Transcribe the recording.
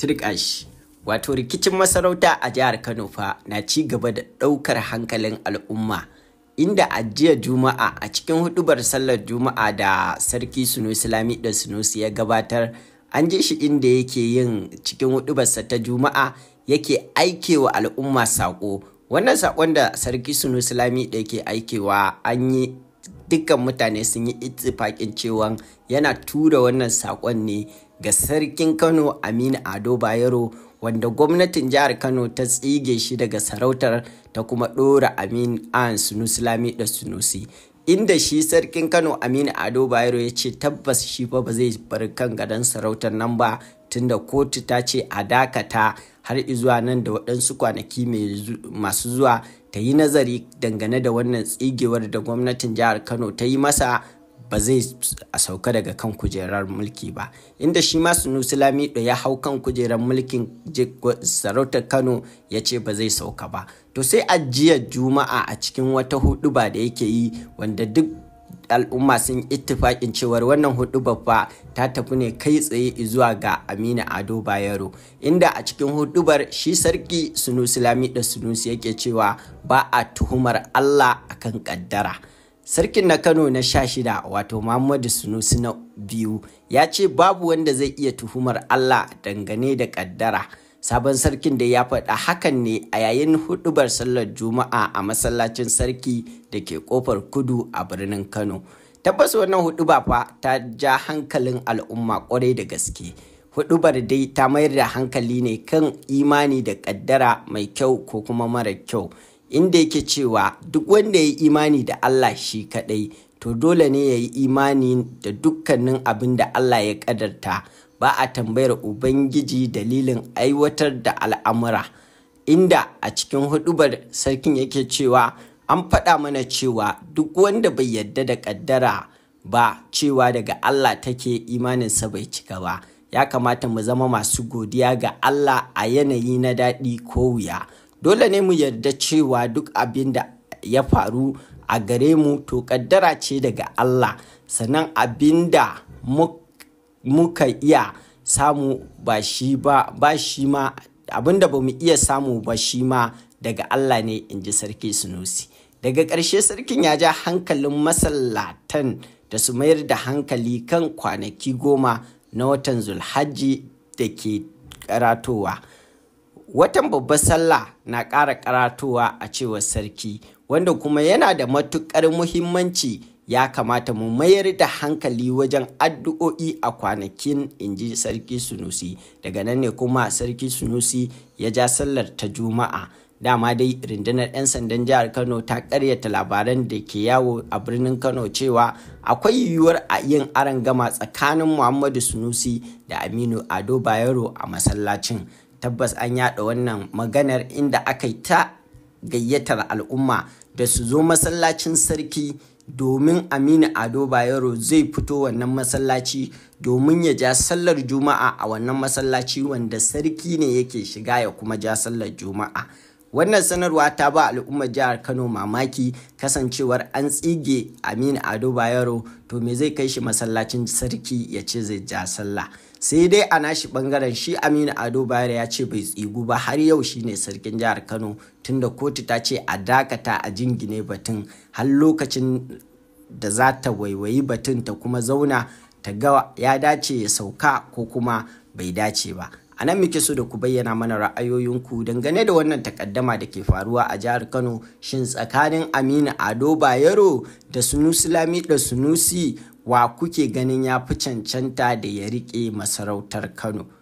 turkash wato rikicin masarauta a jihar kano fa na ci gaba da ɗaukar hankalin al'umma inda a jiya juma'a a cikin hudubar sallar juma'a da sarki sunusilami da sunusi ya gabatar an ji shi inda yake yin cikin hudubarsa ta juma'a yake aikewa al'umma saƙo wannan saƙon da sarki sunusilami da yake aikewa an yi dukkan mutane sun yi ittifaƙin cewa yana tura wannan saƙon ne ga sarkin Kano Aminu Ado Bayero wanda gwamnatin jihar Kano ta tsige shi daga sarautar ta kuma ɗora Amin An sunusulami da Sunusi. Inda shi sarkin Kano Aminu Ado Bayero ya ce tabbas shi fa ba zai bar kan gadon sarautar nan ba tunda kotu ta ce a dakata har izuwa nan da waɗansu kwanaki masu zuwa ta yi nazari dangane da wannan tsigewar da gwamnatin jihar kano ta yi masa ba zai sauka daga kan kujerar mulki ba inda shi ma sunusi lamido ya hau kan kujerar mulkin sarautar kano ya ce ba zai sauka ba to sai a juma'a a cikin wata huduba da yake yi wanda duk al'umma sun ittifaƙin cewar wannan hudu babba ta tafi ne kai tsaye zuwa ga Aminu Ado Bayero inda a cikin hudubar shi sarki Sunusi Lami da Sunusi yake cewa ba a tuhumar Allah akan kaddara. Sarkin na Kano na sha shida wato Muhammadu Sunusi na biyu ya ce babu wanda zai iya tuhumar Allah dangane da kaddara. sabon sarkin da ya faɗa hakan ne a yayin hudubar sallar juma'a a masallacin sarki da ke kofar kudu a birnin kano tabbas wannan huduba fa ta ja hankalin al'umma kwarai da gaske hudubar dai ta mayar da hankali ne kan imani da ƙaddara mai kyau ko kuma mara kyau inda yake cewa duk wanda ya yi imani da allah shi kaɗai, to dole ne ya yi imani da dukkanin abin da allah ya ƙadarta. ba a tambayar Ubangiji dalilin aiwatar da al'amura, inda a cikin hudubar sarkin yake cewa an faɗa mana cewa duk wanda bai yarda da ƙaddara ba cewa daga Allah take imaninsa bai cika ba. Ya kamata mu zama masu godiya ga Allah a yanayi na daɗi ko wuya. Dole ne mu yarda cewa duk abin da ya faru a gare mu to ƙaddara ce daga Allah, sannan abin da muka muka iya samu ba shi ba ba shi ma abinda ba mu iya samu ba shi ma daga Allah ne in ji sarki Sunusi. Daga ƙarshe sarkin ya ja hankalin masallatan da su mayar da hankali kan kwanaki goma na watan Zulhaji da ke karatowa. Watan babbar sallah na ƙara karatowa a cewar sarki wanda kuma yana da matuƙar muhimmanci ya kamata mu mayar da hankali wajen addu'o'i a kwanakin inji sarki sunusi daga nan ne kuma sarki sunusi ya ja sallar ta juma'a dama dai rundunar 'yan sandan jihar kano ta karyata labaran da ke yawo a birnin kano cewa akwai yiwuwar a yin gama tsakanin muhammadu sunusi da aminu ado bayero a masallacin tabbas an yada wannan maganar inda aka yi ta gayyatar al'umma da su zo masallacin sarki domin Aminu Ado Bayero zai fito wannan masallaci domin ya ja sallar Juma'a a wannan masallaci wanda sarki ne yake shiga ya kuma ja sallar Juma'a. wannan sanarwa ta ba al'ummar jihar kano mamaki kasancewar an tsige aminu ado bayero to me zai kai shi masallacin sarki ya ce zai ja sallah sai dai a nashi bangaren shi aminu ado bayero ya ce bai tsigu ba har yau shine sarkin jihar kano tunda kotu ta ce a dakata a jingine batun har lokacin da za ta waiwayi batun ta kuma zauna ta ga ya dace ya sauka ko kuma bai dace ba A nan muke so da ku bayyana mana ra'ayoyinku dangane da wannan takaddama da ke faruwa a jihar Kano shin tsakanin Aminu Ado Bayero da Sunusi Lami da Sunusi wa kuke ganin ya fi cancanta da ya riƙe masarautar Kano.